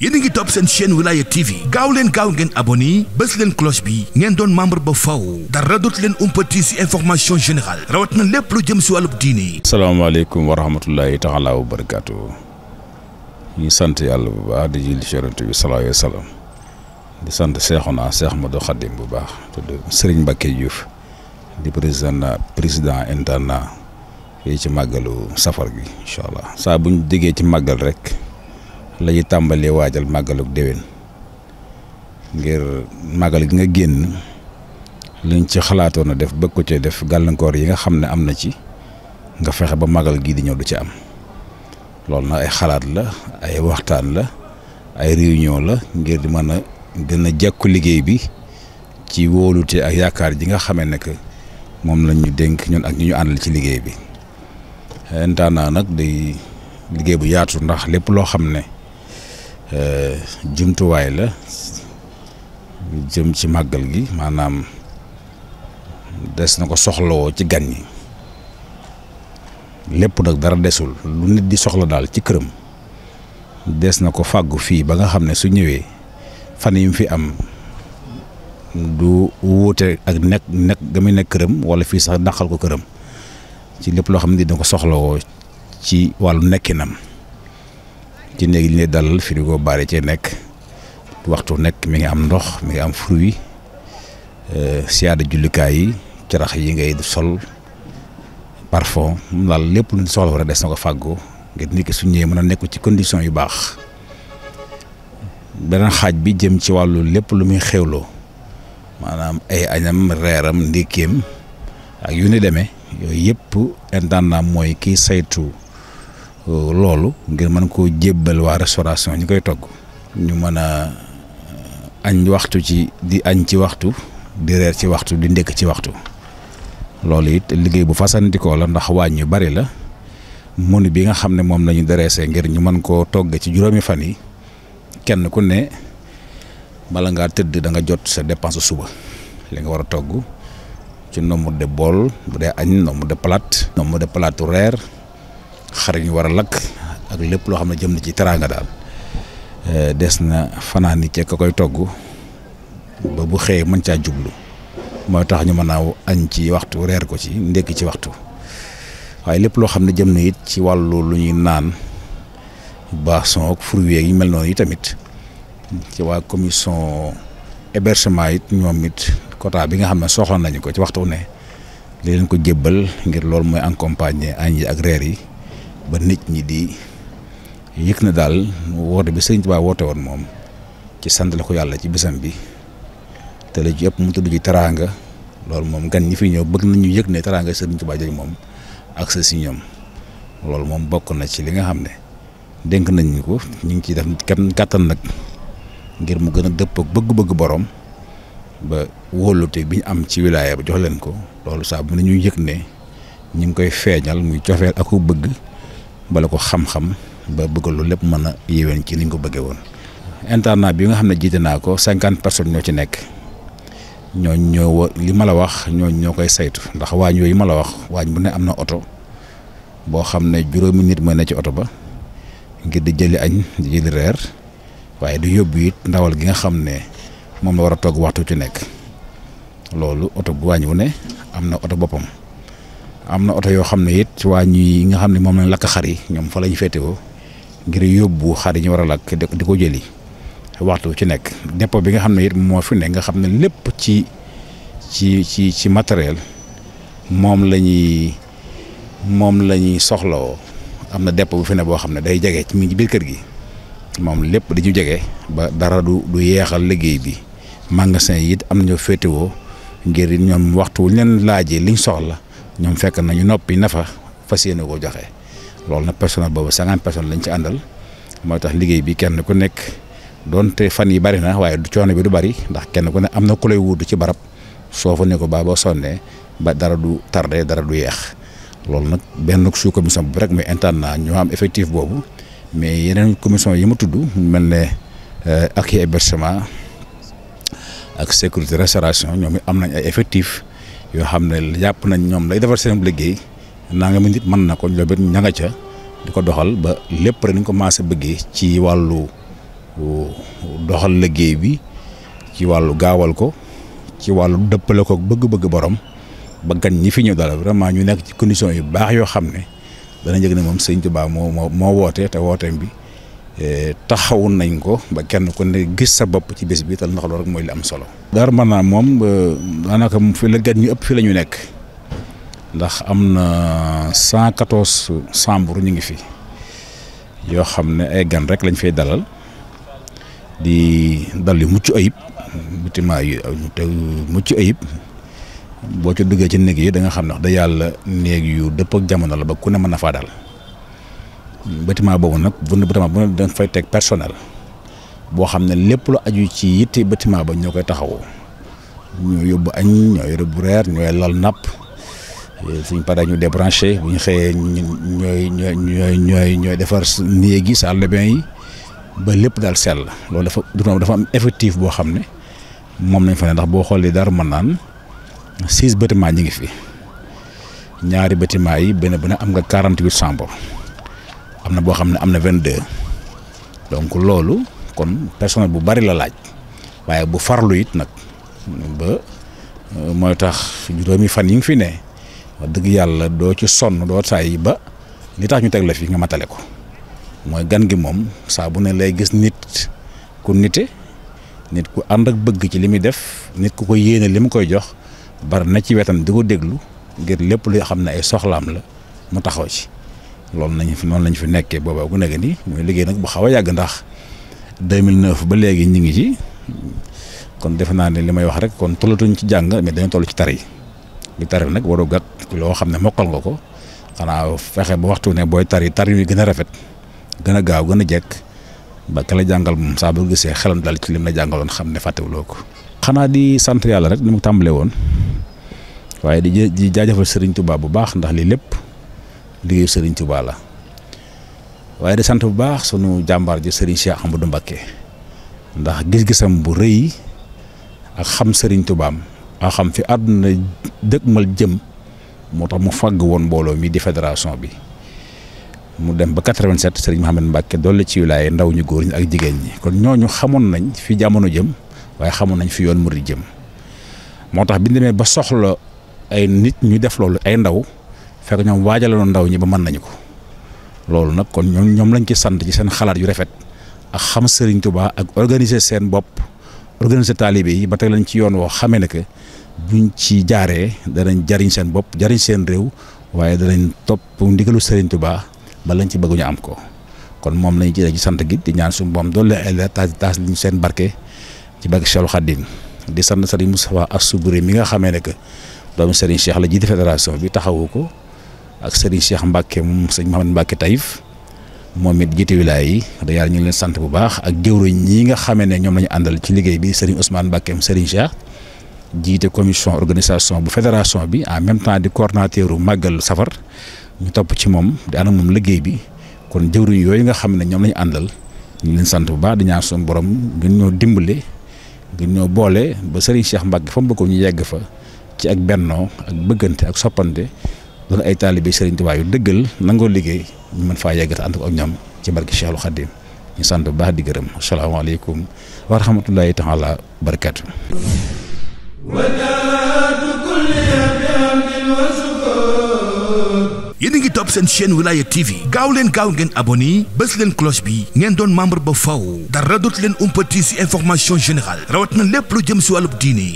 yéen a ngi topp seen chaîne Wilaya TV gaaw leen gaaw ngeen abonné bés leen cloche bi ngeen doon membre ba faw dara dootu leen umpati ci information générale rawat na lépp lu jëm ci wàllub diini. asalaamaaleykum wa rahmatullahi taala wa barakaatu ñu sant yàlla bu baax di julli ci Yonent bi sallallahu di sant Seexuna Seex Madu Xadim bu baax tudd Serigne Mbacké Diouf di président président internat. fii ci màggalu safar gi incha allah saa bu ñu déggee ci màggal rek lañuy ñuy tàmbalee waajal màggaluk déwén ngir màggal gi nga génn liñ ci xalaatoon a def bëgg ko cee def gàllankoor yi nga xam ne am na ci nga fexe ba màggal gii di ñëw du ci am loolu nag ay xalaat la ay waxtaan la ay réunion la ngir di mën a gën a jekku liggéey bi ci wóolute ak yaakaar ji nga xame ne moom la ñu dénk ñoon ak ñu ñu àndal ci liggéey bi. intaanaa nag day liggéey bu yaatu ndax lépp loo xam ne euh, jumtuwaay la jëm ci màggal gi maanaam des na ko soxlawoo ci gan ñi lépp nag dara desul lu nit di soxla daal ci këram des na ko fàggu fii ba nga xam ne su ñëwee fan yi mu fi am du wuute ak nekk nekk ga muy nekk këram walla fii sax dàqal ko këram ci lépp loo xam ne dina ko soxlawoo ci wàllu nekkinam ci néeg li ne dalal frigo bari cee nekk waxtu nekk mi ngi am ndox mi ngi am fruit euh, siyaada jullikaay yi carax yi ngay sol parfum mu daal lépp lu soxla war a des na ko fàggoo ngir nit ki su ñëwee mën a nekk ci condition yu baax beneen xaaj bi jëm ci wàllu lépp lu muy xewloo maanaam ay añam reeram ndékkeem ak yu ni demee yooyu yëpp intendant mooy kiy saytu euh, loolu ngir mën koo jébbal waa restauration ñu koy togg ñu mën a euh, añ waxtu ci di añ ci waxtu di reer ci waxtu di ndekk ci waxtu loolu it liggéey bu fasantikoo la ndax waañ yu bari la menu bi nga xam ne moom lañu dressé ngir ñu mën koo togg ci juróomi fan yi kenn ku ne bala ngaa tëdd danga jot sa dépense suba li nga war a togg ci nombre de bool bu dee añ nombre de plate nombre de plateau reer xar ñu war a lakk ak lépp loo xam ne jëm na ci teraanga daal eh, des na fanaani ceeg ka koy togg ba bu xëyee mën caa jublu mooy tax ñu mën a añ ci waxtu reer ko ci ndekki ci waxtu waaye lépp loo xam ne jëm na it ci wàllu lu ñuy naan boisson ak fruits yi mel noonu yi tamit ci waa commission hébergement it ñoom quota bi nga xam ne soxla nañu ko ci waxtu ne li leen ko jébbal ngir lool mooy accompagner añ yi ak reer yi ba nit ñi di yëg na daal woote bi Sëriñ Tuubaa woote woon moom ci sant la ko yàlla ci bisam bi te la ci yëpp mu tudd ci teraanga loolu moom gan ñi fi ñëw bëgg nañu yëg ne teraanga Sëriñ Tuubaa jooju moom ak sa si ñoom loolu moom bokk na ci li nga xam ne dénk nañ ñu ko ñu ngi ciy def kenn kàttan nag ngir mu gën a dëpp ak bëgg-bëgg boroom ba wóolute bi ñu am ci wilaya bi jox leen ko loolu saa bu ne ñuy yëg ne ñu ngi koy feeñal muy cofeel ak ko bëgg bala ko xam-xam ba bëgg lu lépp mën a yéwén ci niñ ko bëggee woon. internat bi nga xam ne jiite naa ko cinquante personnes ñoo ci nekk ñooñ ñoo li ma la wax ñooñ ñoo koy saytu ndax waañ yooyu ma la wax waañ bu ne am na oto boo xam ne juróomi nit mooy ne ci oto ba ngir di jëli añ di jëli reer waaye du yóbbu it ndawal gi nga xam ne. moom la war a togg waxtu ci nekk loolu oto bu wàññiwu ne am na oto boppam am na oto yoo xam ne it ci wàññi yi nga xam ne moom lañ lakk xar yi ñoom fa lañ féetewoo ngir yóbbu xar yi ñu war a lakk di ko jëli waxtu ci nekk dépôt bi nga xam ne it moo fi ne nga xam ne lépp ci ci ci ci matériel moom la ñuy moom la ñuy soxlawoo am na dépôt bu fi boo xam ne day jege ci mi biir kër gi moom lépp dañu jege ba dara du du yeexal liggéey bi. magasin yi it am na ñoo féetewoo ngir ñoom waxtu wu ñu leen laajee liñ soxla ñoom fekk nañu noppi na fa fas yéene koo joxe loolu nag personnel boobu cinquante personnes lañ ci àndal moo tax liggéey bi kenn ku nekk doonte fan yi bari na waaye du coono bi du bari ndax kenn ku ne am na ku lay wuutu ci barab soo fa ne ko baa boo sonnee ba dara du tardé dara du yeex loolu nag benn sous commission bu rek muy intendant ñoo am effectif boobu mais yeneen commission yi mu tudd mel ne euh, ak yi ak sécurité restauration ñoom am nañ ay effectifs yoo xam ne jàpp nañ ñoom lay defar seen liggéey naa nga mu mën na ko loolu it ña ca di ko doxal ba lépp rek ni ko commencé bëggee ci wàllu doxal liggéey bi ci wàllu gaawal ko ci wàllu dëppale ko bëgg-bëgg borom ba gan ñi fi ñëw dara vraiment ñu nekk ci condition yu baax yoo xam ne dana yëg ne moom sëñ Tuubaa moo moo moo woote te wooteem bi. Eh, taxawu nañ ko ba kenn ku ne gis sa bopp ci bés bi tal ndax loolu rek mooy li am solo. Daaru Marnaan moom eh, daanaka fi la gan ñu ëpp fii la ñu nekk ndax am na cent quatorze chambre ñu ngi fi yoo xam ne ay gan rek lañ fay dalal di dal yu mucc ayib bâtiment yu mucc ayib boo ci duggee ci néeg yi da nga xam ne wax da yàlla néeg yu dëpp jamono la ba ku ne mën na faa dal. bâtiment boobu nag vund bâtiment bu ne danga fay teg personnel boo xam ne lépp lu aju ci yitte bâtiment ba ñoo koy taxaw ñoo yóbbu añ ñooy yóbbu reer ñooy lal napp suñ paree ñu débranché bu ñu xëyee ñooy ñooy defar néeg yi yi ba lépp daal sell loolu dafa dafa am effectif boo xam ne moom lañ fa ndax boo xoolee dara mën naan six bâtiment ñi ngi fi ñaari bâtiment yi benn bu ne am nga quarante-huit chambres am na boo xam ne am na vingt deux donc loolu kon personnel bu bari la laaj waaye bu farlu it nag ba euh, mooy tax juróomi fan yi nga fi ne wax yàlla doo ci sonn doo saay ba li tax ñu teg la fi nga matale ko mooy gan gi moom saa bu ne lay gis nit ku nite nit ku ànd ak bëgg ci li muy def nit ku ko yéene li mu koy jox bari na ci wetam di ko déglu ngir lépp lu xam ne ay soxlaam la mu taxaw ci loolu nañu fi noonu lañ fi nekkee boobaa gu nekk ni mooy liggéey nag bu xaw a yàgg ndax 2009 ba léegi ñu ngi ci kon defe naa ne li may wax rek kon tollatuñ ci jàng mais dañu toll ci tar yi li nag waroo gàtt loo xam ne mokkal nga ko xanaa fexe ba waxtu ne booy tar yi tar yu gën a rafet gën a gaaw gën a jekk ba ka la jàngal moom saa boo gisee xelam dal ci lim na jàngaloon xam ne fàttewuloo ko. xanaa di sant yàlla rek ni mu tàmbalee woon waaye di di jaajëfal Serigne Touba bu baax ndax lii lépp. liggéeyu Serigne Touba la waaye di sant bu baax sunu jàmbaar ji Serigne Cheikh Amadou mbakke ndax gis-gisam bu rëy ak xam sëriñ tubaam a xam fi àdduna dëgmal jëm moo tax mu fàgg woon mbooloo mi di fédération bi mu dem ba 87 Serigne Mohamed Mbacké dolli ci wilaaye ndaw ñu góor ñi ak jigéen ñi kon ñooñu xamoon nañ fi jamono jëm waaye xamoon nañ fi yoon murid jëm moo tax bi ñu ba soxla ay nit ñu def loolu ay ndaw. fekk ñoom waajaloon ndaw ñi ba mën nañ ko loolu nag kon ñoom ñoom lañ ci sant ci seen xalaat yu rafet ak xam sëriñ tubaa ak organiser seen bopp organiser taalibe yi ba teg lañ ci yoon woo xamee ne que buñ ci jaaree danañ jariñ seen bopp jariñ seen réew waaye danañ topp ndigalu Serigne Touba ba lañ ci bëgg ñu am ko kon moom lañ ci ci sant gi di ñaan suñu boom doole ay leer taas taas liñ seen barke ci barke Cheikhul Khadim di sant Serigne Moustapha Assoubouré mi nga xamee ne que doomu Serigne Cheikh la jiite fédération bi taxawu ko. ak sëriñ Cheikh Mbacke moom sëñ Mouhamed Mbacke Taïf moom it jiite wilaay yi da yàlla ñu ngi leen sant bu baax ak jëwriñ ñi nga xamee ne ñoom la ñu àndal ci liggéey bi sëriñ Ousmane Mbacke sëriñ Cheikh jiite commission organisation bu fédération bi en même temps di coordonnateur u màggal safar ñu topp ci moom di ànd liggéey bi kon jëwriñ yooyu nga xam ne ñoom la àndal ñu leen sant bu baax di ñaan suñu borom gën ñoo dimbale gën ñoo boole ba sëriñ Cheikh Mbacke fa mu bëggoon ñu yegg fa ci ak bennoo ak bëggante ak soppante doon ay taalibe Sëriñ Tuubaa yu dëggal nangoo liggéey ñu mën faa yegg te ànd ko ak ñoom ci barke Cheikhul Khadim ñu sant bu baax di gërëm asalaamaaleykum wa rahmatullahi taala barakaatu yéen a ngi topp seen chaîne Wilaya TV gaaw leen gaaw ngeen abonné bés leen cloche bi ngeen doon membre ba faw dara dootu leen umpati si information générale rawat na lépp lu jëm si wàllu yi